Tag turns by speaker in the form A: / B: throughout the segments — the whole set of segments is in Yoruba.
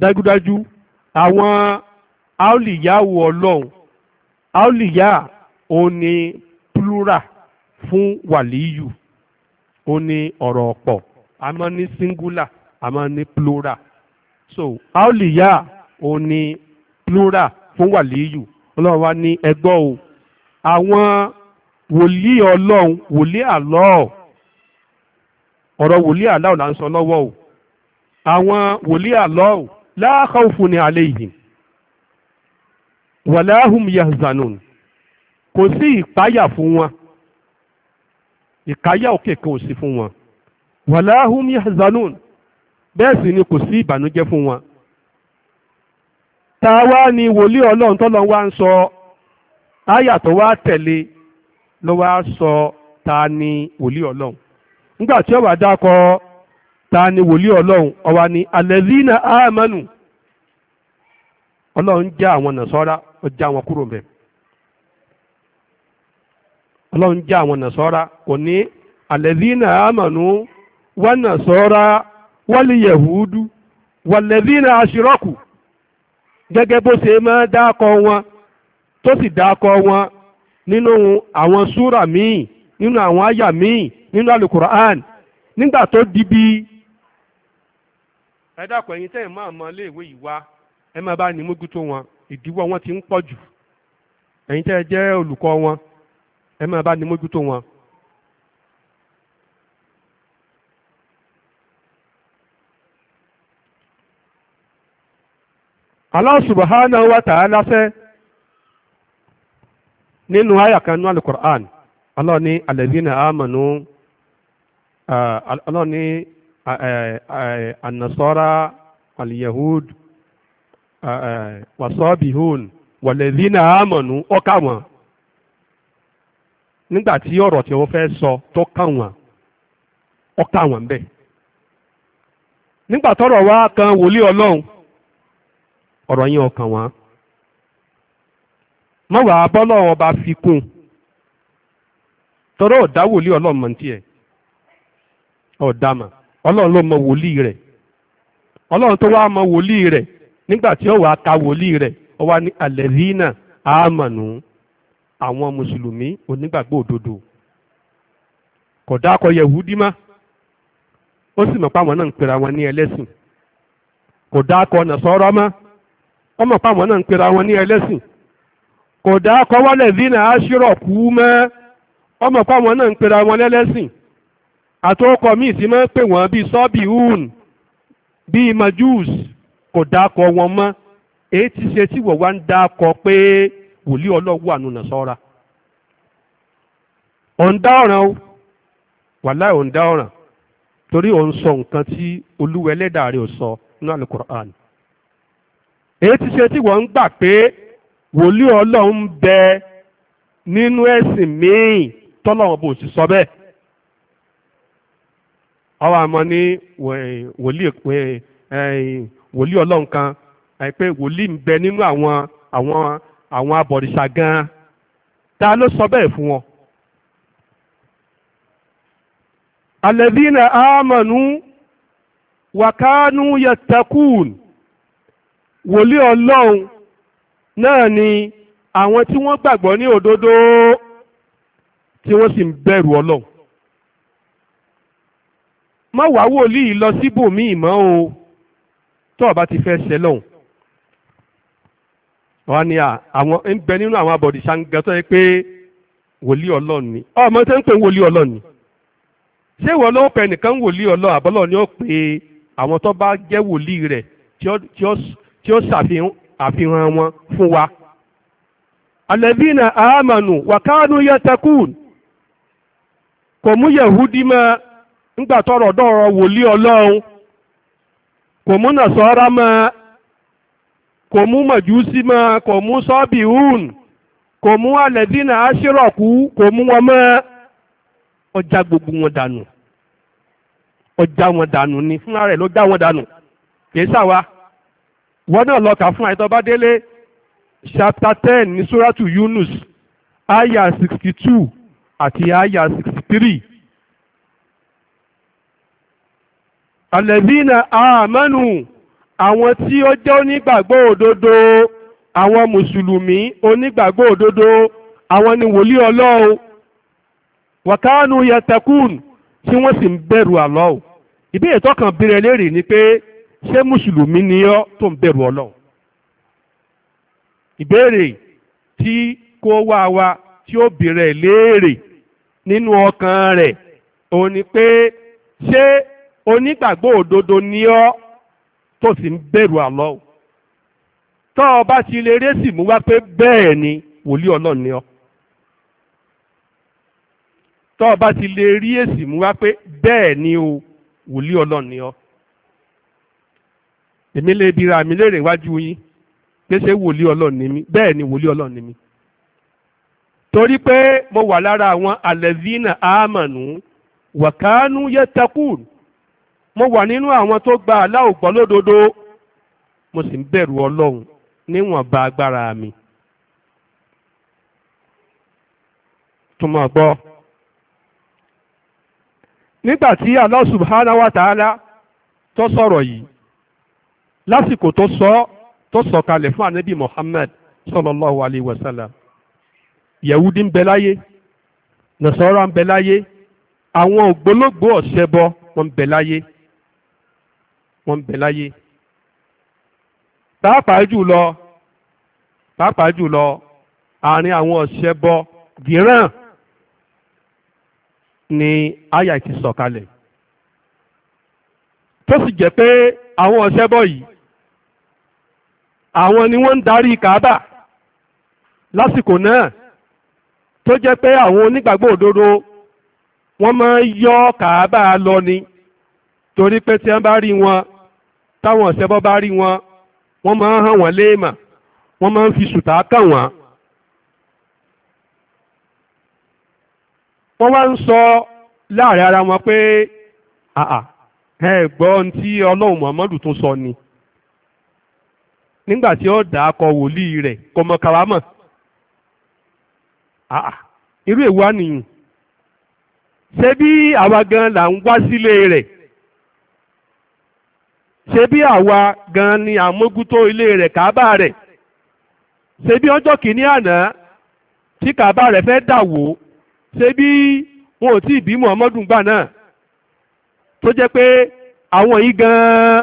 A: dájúdájú àwọn aolìyáwó ọlọ́run aolìyá òun ni plural fún wàlíyù òun ni ọ̀rọ̀ ọ̀pọ̀ a ní singular a ní plural so aolìyá òun ni plural fún wàlíyù ọlọ́run wa ní ẹgbọ́ o àwọn wòlíì ọlọ́run wòlíì àlọ́ ọ̀rọ̀ wòlíì àlọ́ là ń sọ lọ́wọ́ o àwọn wòlíì àlọ́ o. la khawfun alayhim wala hum yahzanun kò sí ìpáyà fún wọn ìkáyà òkè kan sí fún wọn wala hum yahzanun bẹ́ẹ̀ sì ni kò sí ìbànújẹ́ fún wọn ta wá ni wòlíì ọlọ́run tọ́lọ́ wá ń sọ áyà tó wá tẹ̀lé ló wá sọ ta ni wòlíì ọlọ́run nígbà tí ó wá dákọ̀ọ́ ta ni wòlíì ọlọ́run ọwa ni alẹ́zínà àmánù ọlọ́run já àwọn awọn ó já wọn kúrò mbẹ̀ ọlọ́run já àwọn nàṣọ́ra kò ní alẹ́zínà àmánù wọn nàṣọ́ra wọ́lì yẹ̀húdú wọ̀lẹ́zínà gege gẹ́gẹ́ bó ṣe máa dákọ wọn tó sì dákọ wọn nínú àwọn súrà míì nínú àwọn àyà míì nínú alukur'an nígbà tó di bíi ẹ dákun ẹ̀yin tẹ́yìn máa mọ iléèwé yìí wá ẹ máa bá ní mójútó wọn ìdíwọ́ wọn ti ń pọ̀ jù ẹ̀yin tẹ́ jẹ́ olùkọ́ wọn ẹ máa bá ní mójútó wọn. wa ta'ala fẹ́ nínú àyà alukur'an Allah ní alladhina النصارى اليهود wasabihun walladhina amanu ó a. nígbà tí ọ̀rọ̀ tí wọ́n fẹ́ sọ tó a, wọ́n a bẹ́ẹ̀ nígbà tọ́rọ̀ wá kan wòlíì Ọlọ́run ọ̀rọ̀ yẹn ó a, mọ́wàá bọ́lọ̀ ọba fi kún tọ́rọ̀ ọ̀dá wòlíì Ọlọ́run mọ̀ ní tiẹ̀ ọ̀dá mọ̀. ọlọ́run ló mọ wòlíì rẹ̀ ọlọ́run tó wá mọ wòlíì rẹ̀ nígbà tí ó wàá ka wòlíì rẹ̀ ó wá ní alẹ́zínà àmọ̀nù àwọn mùsùlùmí onígbàgbọ́ òdodo kò dákọ yẹ̀wúdí má ó sì mọ̀ páwọn náà ń pera wọn ní ẹlẹ́sìn kò nàṣọ́rọ́ má ó mọ̀ páwọn náà ń pera wọn ní ẹlẹ́sìn kò atụrụkọ míì sí máa ń pè wọ́n bíi sọ́ọ̀bì hùn bíi majus wọn mọ́ èyí ti ṣe tí wọ́n wá ń dákọ pé wòlíì ọlọ́wọ́ ànúnà sọ́ra ọ̀ǹda ọ̀ràn o wàláì ọ̀ǹda ọ̀ràn torí òun sọ nǹkan tí olúwa ẹlẹ́dàá sọ bẹ nínú ẹ̀sìn míì bò sọ ọwọ́ àmọ́ ní wòlíì ọlọ́run kan pé wòlíì ń bẹ nínú àwọn àwọn àwọn abọ̀rìṣà gan-an ta ló sọ bẹ́ẹ̀ fún wọn. alẹ́bínà àmọ̀nù wàkánú yẹtẹkùn wòlíì ọlọ́run náà ni àwọn tí wọ́n gbàgbọ́ ní òdodo tí wọ́n sì ń bẹ̀rù ọlọ́run má wàá wòlíì lọ síbòmíì mọ́ o tó o bá ti fẹ́ ṣe lọ́hùn. wọ́n á ní àwọn ń bẹ nínú àwọn abọ̀dìṣà ń gan tó yẹ pé wòlíì ọlọ́run ni ọmọ tó ń pè ń wòlíì ọlọ́run ni ṣé ìwọ ló ń pè nìkan ń wòlíì ọlọ́run àbọ́lọ́ ni ó pe àwọn tó bá jẹ́ wòlíì rẹ̀ tí ó ṣàfihàn wọn fún wa. alẹ́bínà àmànù wàkánú yẹtakùn kò mú yẹ̀húdí máa ńgbà tọrọ dọ̀rọ̀ wòlíì ọlọ́run kò mú nàṣọ́ra mọ́ kò mú mọ̀júsí mọ́ kò mú sọ́ọ̀bì hùn kò mú alẹ́dínà aṣírọ̀kú kò mú wọn mọ́ ọjà gbogbo wọn dànù ọjà wọn dànù ni fúnra rẹ̀ ló já wọn dànù kìí wa, wọn náà lọ kà fún àìtọ́ bá délé chapter ten ní suratu Yunus aya sixty two àti aya sixty three. alẹ́bínà àmánù àwọn tí ó jẹ́ onígbàgbọ́ òdodo àwọn mùsùlùmí onígbàgbọ́ òdodo àwọn ni wòlíì ọlọ́run wàkánù yatakun tí wọ́n sì ń bẹ̀rù Allah ìbéèrè tọkàn bèrè léèrè ni pé ṣé mùsùlùmí ni ọ́ tó ń bẹ̀rù ọlọ́run ìbéèrè tí kó wá wa tí ó bèrè léèrè nínú ọkàn rẹ̀ òun ni pé ṣé onígbàgbọ́ òdodo ni ọ́ tó sì ń bẹ̀rù Allah tọ́ ọ bá ti lè rẹ́sì mú wá pé bẹ́ẹ̀ ni wòlíì ọlọ́run ni ọ́ tọ́ ọ bá ti lè rí èsì mú wá pé bẹ́ẹ̀ ni o wòlíì ọlọ́run ni ọ́ èmi lè bira mi léèrè iwájú yín pé ṣé wòlíì ọlọ́run ni mí bẹ́ẹ̀ ni wòlíì ọlọ́run ni mí torí pé mo wà lára àwọn alẹ́zínà àmànú wàkánú yẹtakùn mo wà nínú àwọn tó gba aláwò gbọ́ lódodo mo sì ń bẹ̀rù ọlọ́run níwọ̀nba agbára mi. túmọ̀ gbọ́ nígbà tí Allah subhanahu wa tó sọ̀rọ̀ yìí lásìkò tó sọ tó sọ kalẹ̀ fún anabi Muhammad sallallahu alayhi wa yẹ̀wúdí ń bẹ láyé nàṣọ́ra ń bẹ láyé àwọn ògbólógbòó ọ̀ṣẹ́bọ wọn ń bẹ láyé wọ́n ń bẹ láyé pàápàá jùlọ pàápàá jùlọ àárín àwọn ọ̀ṣẹbọ gíràn ni àyà ti sọ̀kalẹ̀ tó sì jẹ́ pé àwọn ọ̀ṣẹbọ yìí àwọn ni wọ́n ń darí kàábà lásìkò náà tó jẹ́ pé àwọn onígbàgbọ́ òdodo wọ́n máa ń yọ́ kàábà lọ ni torí pé tí wọ́n bá rí wọn táwọn ọ̀sẹ̀ bọ́ bá rí wọn wọ́n máa ń hàn wọ́n léèmà wọ́n máa ń fi sùtà kàn wọ́n. wọ́n wá ń sọ láàrin ara wọn pé àà ẹ gbọ́ ohun tí ọlọ́run muhammadu tún sọ ni nígbà tí ó dà á kọ wòlíì rẹ̀ kò mọ kàrámọ̀ àà irú èwo ànìyàn ṣé bí àwa gan là ń wá sílé rẹ̀. ṣe bí àwa gan ni àmójútó ilé rẹ̀ kábà rẹ̀ ṣe bí ọjọ́ kìíní àná tí kábà rẹ̀ fẹ́ dà wó ṣe bí wọn ò tí ì bí Muhammadu gbà náà tó jẹ́ pé àwọn yìí gan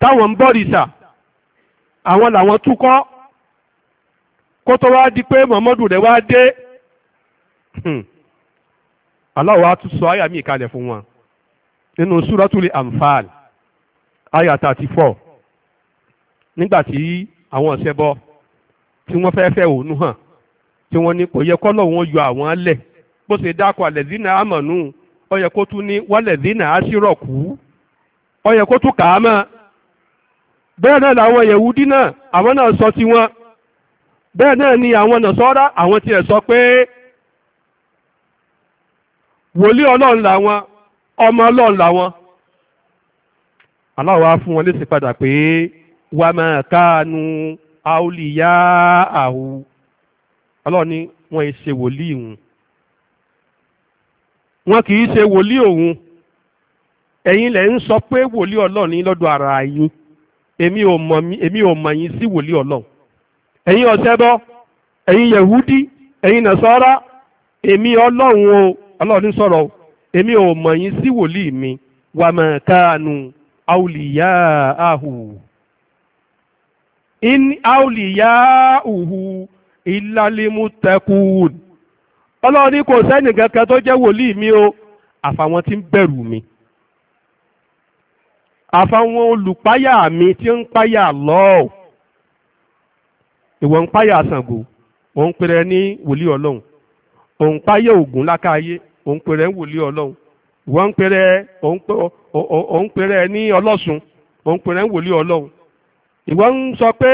A: táwọn ń bọ̀rìṣà àwọn làwọn túkọ́ kó tó wá di pé Muhammadu rẹ̀ wá dé hmm, Allah wá tún sọ àyà mi fún wọn nínú Suratul Anfal. aya thirty four nígbà tí àwọn ọ̀sẹ̀bọ tí wọ́n fẹ́ fẹ́ òun hàn tí wọ́n ní kò yẹ kọ́lọ̀ yọ àwọn lẹ̀ bó ṣe dákọ̀ àlẹ́dínà àmọ̀nù ó yẹ kó tún ní wálẹ̀dínà àṣírọ̀kù ó yẹ kó tún kà á mọ́ bẹ́ẹ̀ náà làwọn yẹ̀wúdí náà àwọn náà sọ tiwọn bẹ́ẹ̀ náà ni àwọn nàṣọ́ra àwọn tiẹ̀ sọ pé wòlíì ọlọ́run làwọn ọmọ ọlọ́run làwọn Allah fún wọn lésì padà pé wà máa káànú aolíyá àhù Allah ní wọn ì ṣe wòlíì wọn kìí ṣe wòlíì òun ẹ̀yin lẹ̀ ń sọ pé wòlíì lọ́dọ̀ ara yín èmi ò mọ̀ yín sí wòlíì ọlọ́run ẹ̀yin ọ̀sẹ́bọ ẹ̀yin yẹ̀húdí nàṣọ́rá èmi ọlọ́run o sọ̀rọ̀ èmi ò mi wà máa káànú. awliyaahu in awliyaahu ìlàlímútẹkùn ọlọ́run ní kò sẹ́ni kankan tó jẹ́ wòlíì mi o àfàwọn tí ń bẹ̀rù mi àfàwọn olùpáyà mi tí ń páyà lọ́ọ̀ ìwọ ń páyà Ṣàngó òun pèrè ní wòlíì ọlọ́run òun páyà Ògún lákàáyé òun pèrè ń wòlíì ọlọ́run ìwọ ń pèrè òun pèrè ní ọlọ́sùn òun pèrè ń wòlíì ọlọ́run ìwọ ń sọ pé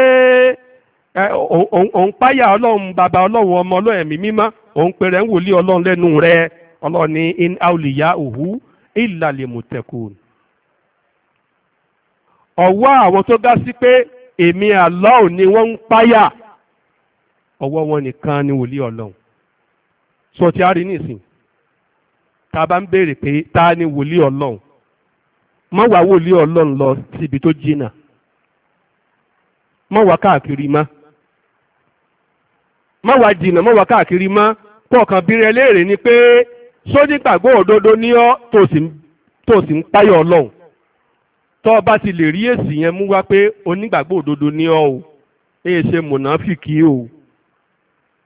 A: òun páyà ọlọ́run bàbá ọlọ́run ọmọ ọlọ́run ẹ̀mí mímọ́ òun pèrè ń wòlíì ọlọ́run lẹ́nu rẹ ọlọ́run ní in auliya òhu ìlàlẹ̀ mọ̀tẹ́kùn. ọ̀wọ́ àwọn tó ga sí pé èmi àlọ́ ni wọ́n ń páyà ọwọ́ wọn nìkan ni wòlíì ọlọ́run sọ ti a rí nísìnyí tá a bá ń béèrè pé ta ni wòlíì ọlọ́run mọ́ wá wòlíì ọlọ́run lọ síbi tó jìnnà mọ́ wá káàkiri mọ́ mọ́ wá jìnnà mọ́ wá káàkiri mọ́ kọ̀ọ̀kan bírẹ̀ léèrè ni pé sódìgbàgbọ́ òdodo ní ọ́ tó sì ń páyọ̀ ọlọ́run tó o bá ti lè rí èsì yẹn mú wá pé onígbàgbọ́ òdodo ní ọ́ o èyí ṣe mùnàfìkì o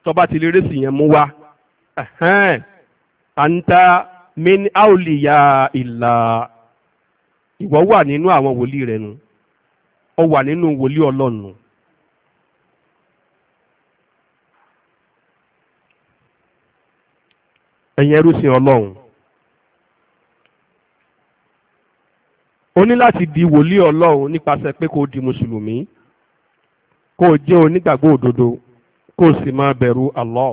A: tó o bá ti lè rí èsì yẹn mú wá. àǹtá min auliya ìlà ìwọ wà nínú àwọn wòlíì rẹ nu ọ wà nínú wòlíì ọlọ́run. ẹ̀yin ẹrú sin ọlọ́run o ní láti di wòlíì ọlọ́run nípasẹ̀ pé kó di mùsùlùmí kó jẹ́ onígbàgbọ́ òdodo kó sì máa bẹ̀rù Allah.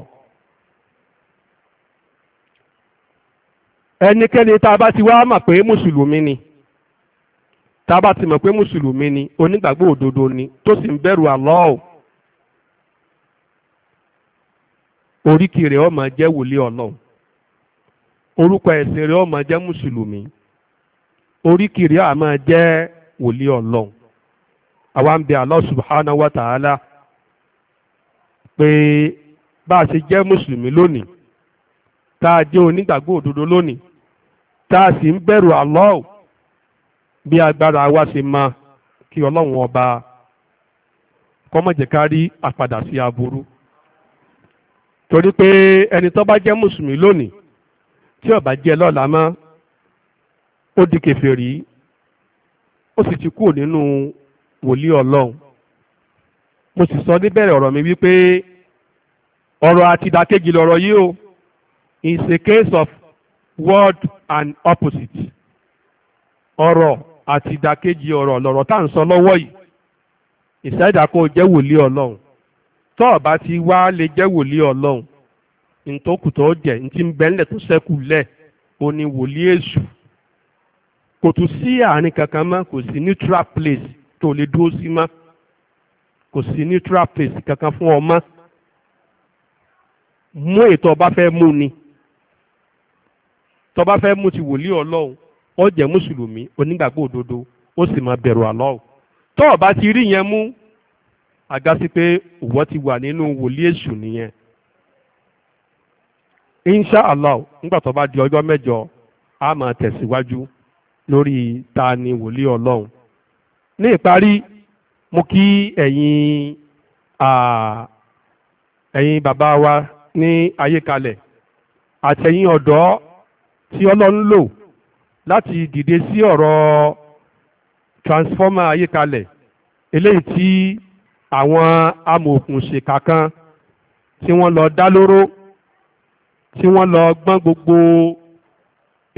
A: ẹnikẹ́ni tá bá ti wá mọ̀ pé ni tá a ti mọ̀ pé mùsùlùmí ni onígbàgbọ́ òdodo ni tó sì ń bẹ̀rù Allah oríkì rẹ̀ jẹ́ wòlíì Ọlọ́run orúkọ ẹ̀sìn rẹ̀ jẹ́ mùsùlùmí oríkì rẹ̀ á jẹ́ Ọlọ́run àwa ń pé bá a ṣe jẹ́ mùsùlùmí lónìí tá a jẹ́ tá a sì ń bẹ̀rù Allah bí agbára wa ṣe mọ kí ọlọ́run ọba kọ́mọ̀jẹ̀ká rí àpadà sí aburú torí pé ẹni tó bá jẹ́ mùsùlùmí lónìí tí ó bá jẹ́ lọ́la mọ́ ó di kèfèrí ó sì ti kúrò nínú wòlíì ọlọ́run mo sì sọ níbẹ̀rẹ̀ ọ̀rọ̀ mi wípé ọ̀rọ̀ àti lọ̀rọ̀ yìí o is a case of word and opposite Ọrọ àti ìdàkejì ọrọ lọrọ tá à ń sọ lọwọ yìí ìṣẹ́dàkọ jẹ́ wòlíì ọlọ́run tó o ti wá lè jẹ́ wòlíì ọlọrun ntòkù tó jẹ́ ntí ń bẹ́ńlẹ̀ tó ṣẹ́kù lẹ̀ ezu. ní wòlíì èṣù kò tún sí àárín kankan mọ́ kò sí neutral place tó lè dúró sí mọ́ kò sí neutral place kankan fún ọ mọ́ mú ètò ọba fe mú ni. tọba bá fẹ́ mú ti wòlíì ọlọ́run ó jẹ́ mùsùlùmí onígbàgbọ́ òdodo ó sì máa bẹrù àlọ́ọ̀ tọọba o bá ti rí yẹn mú àgásí pé òwò ti wà nínú wòlíì èṣù nìyẹn insha allah nígbà tọba bá di ọjọ́ mẹ́jọ a máa tẹ̀síwájú lórí ta ni wòlíì ọlọ́run ní ìparí mo kí ẹ̀yin ẹ̀yin bàbá wa ní ayékalẹ̀ àtẹ̀yìn ọdọ. tí ọlọ́run lò láti dìde sí ọ̀rọ̀ transformer ayékalẹ̀ eléyìí tí àwọn amòòkùnṣèkà kan tí wọ́n lọ dá lóró tí wọ́n lọ gbọ́n gbogbo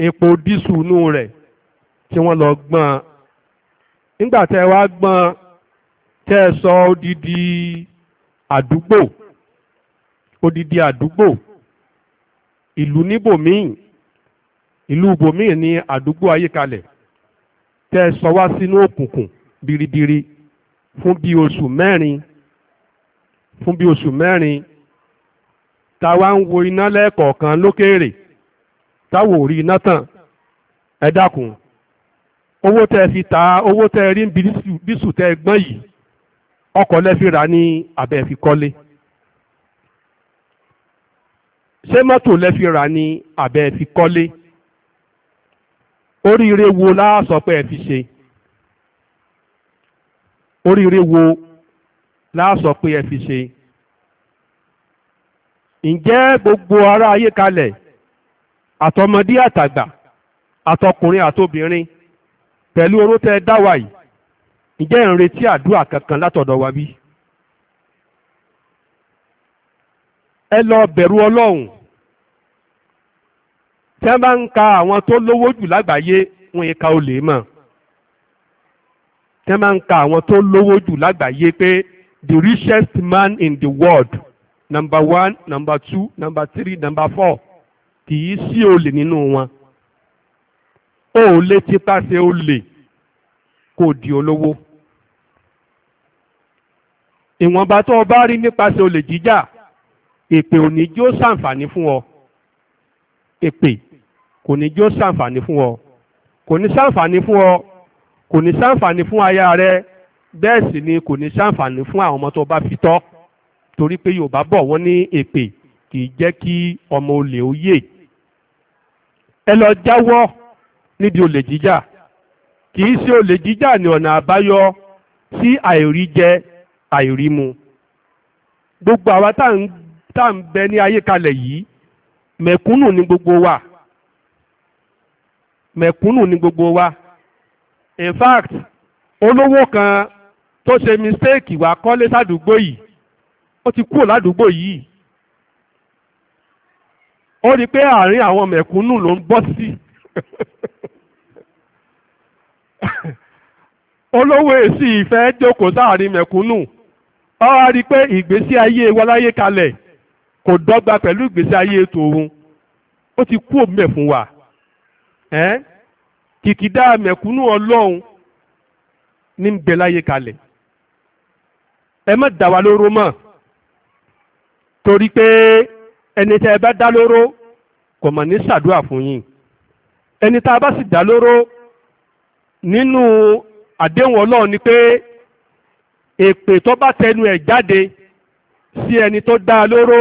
A: epo dísù inú rẹ̀ tí wọ́n lọ gbọ́n nígbà tẹ́ wá gbọ́n tẹ́ ẹ sọ odidi àdúgbò odidi àdúgbò ìlú níbòmíì ìlú ibòmíì ní àdúgbò ayékalẹ̀ tẹ́ ẹ sọ wá sínú òkùnkùn biribiri fún bí oṣù mẹ́rin fún bí oṣù mẹ́rin táwa ń wo iná lẹ́ẹ̀kọ̀ọ̀kan lókèèrè táwo ò rí iná tàn ẹ dákun owó tẹ́ ẹ fi ta owó tẹ́ ẹ rí ń bi bísù tẹ́ gbọ́n yìí ọkọ̀ lẹ fi rà ní abẹ́ fi kọ́lé ṣé mọ́tò lẹ fi rà ní abẹ́ fi kọ́lé. oríire wo láàsọ pé ẹ ti ṣe oríire wo láàsọ pé ẹ ṣe ǹjẹ́ gbogbo ará ayé kalẹ̀ àtọmọdé àtàgbà àtọkùnrin àtobìnrin pẹ̀lú orote tẹ dáwà yìí ǹjẹ́ ń retí àdúrà kankan látọ̀dọ̀ wa bí ẹ lọ bẹ̀rù ọlọ́run tí wọ́n bá ń ka àwọn tó lówó jù lágbàáyé wọn yìí ka olè mọ̀ tí wọ́n bá ń ka àwọn tó lówó jù lágbàáyé pé the richest man in the world number one number two number three number four kì í sí olè nínú wọn ó lè tipasẹ̀ olè kò di olówó ìwọ̀nba tó o bá rí nípasẹ̀ olè jíjà èpè òní jó ṣàǹfààní fún ọ èpè kò ní jó sàǹfààní fún ọ kò ní sàǹfààní fún ọ kò ní sàǹfààní fún aya rẹ bẹ́ẹ̀ sì ni kò ní sàǹfààní fún àwọn ọmọ tó bá fi tọ́ torí pé Yorùbá bọ̀ wọ́n ní èpè kì í jẹ́ kí ọmọ olè ó yè ẹ lọ jáwọ́ níbi olè jíjà kì í ṣe olè jíjà ní ọ̀nà àbáyọ sí àìrí jẹ àìrí mu gbogbo àwa tá à ń bẹ ní ayé kalẹ̀ yìí mẹ̀kúnnù ni gbogbo wa mẹ̀kúnnù ni gbogbo wa in fact olówó kan tó ṣe mistake wá kọ́lé sádùúgbò yìí ó ti kúrò ládùúgbò yìí ó rí i pé àárín àwọn mẹ̀kúnnù ló ń bọ́ sí olówó èsì ìfẹ́ jókòó sáàrin mẹ̀kúnnù ó wá rí i pé ìgbésí ayé wọláyé kalẹ̀ kò dọ́gba pẹ̀lú ìgbésí ayé tòun ó ti kú òmùmẹ̀ fún wa ẹ́ kìkìdá mẹ̀kúnnù ọlọ́run ní ń bẹ láyé kalẹ̀ ẹ má dà wá lóró mọ́ torí pé ẹni tẹ́ ẹ bá dá lóró kò mà ní ṣàdúrà fún yín ẹni tá a bá sì dá lóró nínú àdéhùn ọlọ́run ni pé èpè tó bá tẹnu ẹ̀ jáde sí ẹni tó dá a lóró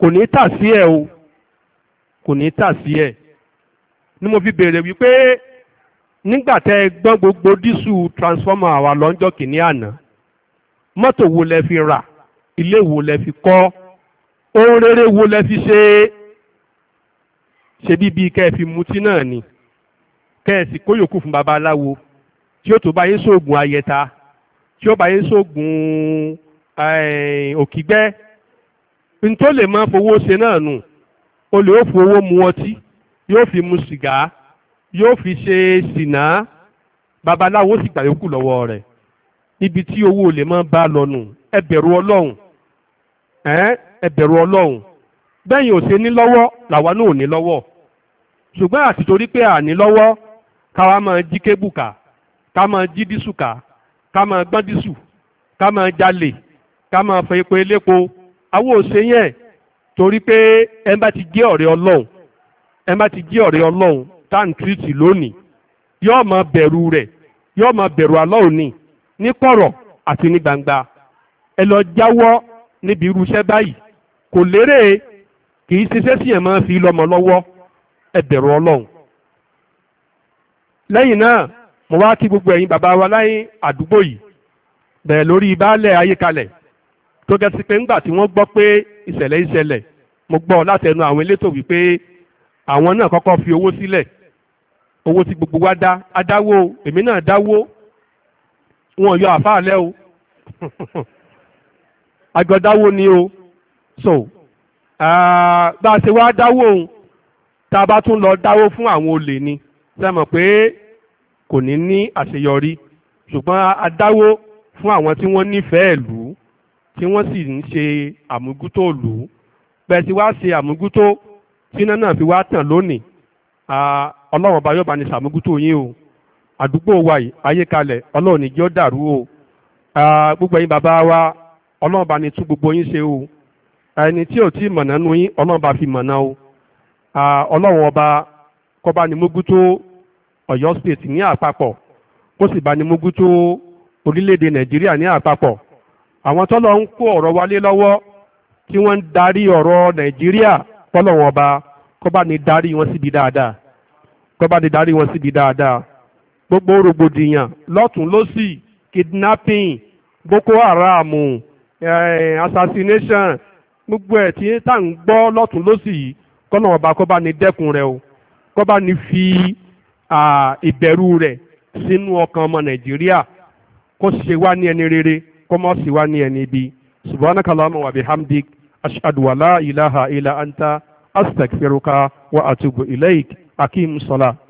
A: kò ní tà sí ẹ o kò ní tà sí ẹ ni mo fi béèrè wípé nígbà tẹ́ ẹ gbọ́n gbogbo dísù transformer àwa lọ́njọ́ kìíní àná mọ́tò wo lẹ fi rà ilé wo lẹ fi kọ́ ohun rere wo lẹ fi ṣe ṣe bíbí kẹ́ ẹ fi mutí náà ni kẹ́ ẹ sì kó yòókù fún babaláwo tí ó tó bá sóògùn ayẹta tí ó bá sóògùn eh, òkìgbẹ́ n lè máa fowó ṣe náà nù olè ó fowó mu ọtí yóò fi mu sìgá yóò fi ṣe sìnà babaláwo sì gbà yòókù lọ́wọ́ rẹ̀ níbi tí owó olè máa bá lọ́nu ẹ bẹ̀rù ọlọ́run ẹ bẹ̀rù ọlọ́run bẹ́yìn ò ṣe ní lọ́wọ́ làwa náà ò ní lọ́wọ́ ṣùgbọ́n àti torí pé à ní lọ́wọ́ káwa máa jí kébù ká ká máa jí dísù ká ká máa gbọ́n dísù ká máa jalè ká máa fẹ́ epo elépo àwọn òṣèyàn torí pé ẹ bá ti gé ọ̀rẹ́ ọlọ́run ẹ má ti jí ọ̀rẹ́ ọlọ́run tá n tírìtì lónìí yóò máa bẹ̀rù rẹ̀ yóò máa bẹ̀rù ọlọ́run ni ní kọ̀rọ̀ àti ní gbangba ẹ lọ jáwọ́ níbi irú iṣẹ́ báyìí kò lérè kì í ṣiṣẹ́ sí ẹ̀ máa fi lọ́mọ lọ́wọ́ ẹ bẹ̀rù ọlọ́run. lẹ́yìn náà mo wá kí gbogbo ẹ̀yin bàbá wa láyé àdúgbò yìí bẹ̀rẹ̀ lórí baálẹ̀ ayékalẹ̀ tó gẹ́sí pé ńgbà tí wọ́n gbọ́ pé ìṣẹ̀lẹ̀ ìṣẹ̀lẹ̀ mo gbọ́ látẹnu àwọn elétò wípé àwọn náà kọ́kọ́ fi owó sílẹ̀ owó tí gbogbo wa dá adáwó èmi náà dáwó wọn yọ àfáàlẹ́ o àjọdáwó ni o so bá a ṣe wá dáwó òun tá a bá tún lọ dáwó fún àwọn olè ni sẹ́mọ̀ pé kò ní ní àṣeyọrí ṣùgbọ́n adáwó fún àwọn tí wọ́n nífẹ̀ẹ́ ìlú tí wọ́n sì ń ṣe àmúgútó ìlú bẹ́ẹ̀ sì wá ṣe àmúgútó tíná náà fi wá tàn lónìí ọlọ́run ọba yóò bá ní sàmójútó yín o àdúgbò wa yìí ayékalẹ̀ ọlọ́run ní dàrú o gbogbo yín bàbá wa ọlọ́run bá ní tún gbogbo yín ṣe o ẹni tí ò tí ì mọ̀nà nu yín ọlọ́run bá fi mọ̀nà o ọlọ́run ọba kọba ní mójútó ọ̀yọ́ state ní àpapọ̀ kó sì bá ní mójútó orílẹ̀-èdè nàìjíríà ní àpapọ̀ àwọn tọ́lọ́ ń kó ọ̀rọ̀ wálé lọ́wọ́ tí wọ́n ń darí ọ̀rọ̀ nàìjíríà kọ́lọ́wọ́n ọba kó ni ní darí wọn síbi dáadáa kó bá ní darí wọn síbi dáadáa gbogbo rògbòdìyàn lọ́tún lọ́sì kidnapping boko haram eh, assassination gbogbo ẹ̀ tí tá à ń gbọ́ lọ́tún lọ́sì yìí kọ́nà ọba kọ́ bá ní dẹ́kun rẹ o kọ́ bá ní fi ìbẹ̀rù rẹ̀ sínú ọkàn ọmọ nàìjíríà kó ṣe wá ní ẹni rere kó má ṣe wá ní ẹni ibi subhanaka wa bihamdik أشهد ولا إله إلا أنت أستغفرك وأتوب إليك أقيم الصلاة